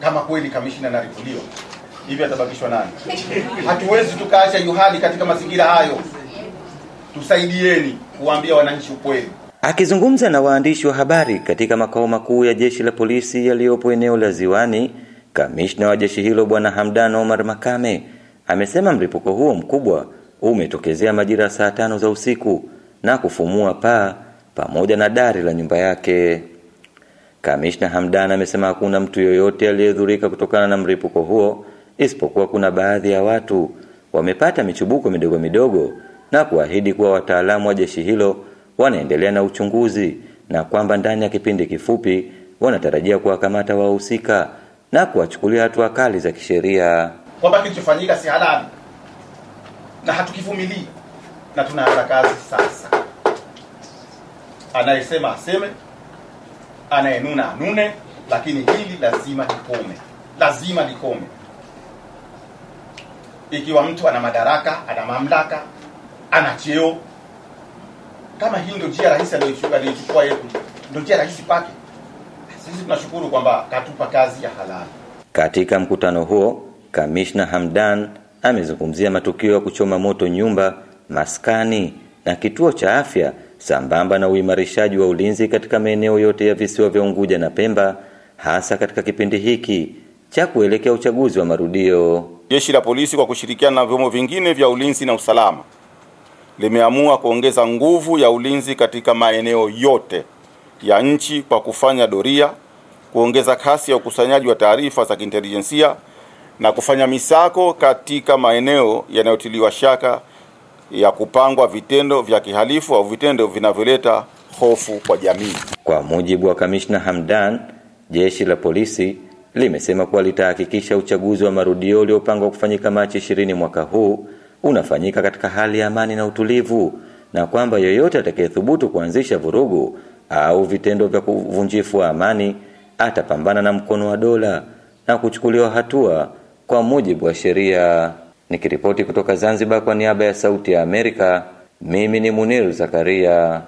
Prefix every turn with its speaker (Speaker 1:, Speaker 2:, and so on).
Speaker 1: kama kweli kamishina anaripuliwa hivi atabakishwa nani? Hatuwezi tukaacha yuhali katika mazingira hayo, tusaidieni kuwaambia wananchi ukweli.
Speaker 2: Akizungumza na waandishi wa habari katika makao makuu ya jeshi la polisi yaliyopo eneo la Ziwani, kamishna wa jeshi hilo Bwana Hamdan Omar Makame amesema mlipuko huo mkubwa umetokezea majira saa tano za usiku na kufumua paa pamoja na dari la nyumba yake. Kamishna Hamdan amesema hakuna mtu yoyote aliyedhurika kutokana na mripuko huo isipokuwa kuna baadhi ya watu wamepata michubuko midogo midogo na kuahidi kuwa wataalamu wa jeshi hilo wanaendelea na uchunguzi na kwamba ndani ya kipindi kifupi wanatarajia kuwakamata wahusika na kuwachukulia hatua kali za kisheria,
Speaker 1: kwamba kilichofanyika si halali na hatukivumilii na tunaanza kazi sasa. Anayesema aseme anayenuna anune, lakini hili lazima likome, lazima likome. Ikiwa mtu ana madaraka, ana mamlaka, ana cheo, kama hii ndio njia rahisi aliyochukua yeye, ndio njia rahisi kwake, sisi tunashukuru kwamba katupa kazi ya halali.
Speaker 2: Katika mkutano huo, kamishna Hamdan amezungumzia matukio ya kuchoma moto nyumba, maskani na kituo cha afya sambamba na uimarishaji wa ulinzi katika maeneo yote ya visiwa vya Unguja na Pemba, hasa katika kipindi hiki cha kuelekea uchaguzi wa marudio.
Speaker 1: Jeshi la Polisi kwa kushirikiana na vyombo vingine vya ulinzi na usalama limeamua kuongeza nguvu ya ulinzi katika maeneo yote ya nchi kwa kufanya doria, kuongeza kasi ya ukusanyaji wa taarifa za kiintelijensia na kufanya misako katika maeneo yanayotiliwa shaka ya kupangwa vitendo vya kihalifu au vitendo vinavyoleta hofu kwa jamii.
Speaker 2: Kwa mujibu wa kamishna Hamdan, jeshi la polisi limesema kuwa litahakikisha uchaguzi wa marudio uliopangwa kufanyika Machi 20 mwaka huu unafanyika katika hali ya amani na utulivu, na kwamba yoyote atakayethubutu kuanzisha vurugu au vitendo vya kuvunjifu wa amani atapambana na mkono wa dola na kuchukuliwa hatua kwa mujibu wa sheria. Nikiripoti kutoka Zanzibar kwa niaba ya Sauti ya Amerika, mimi ni Muniru Zakaria.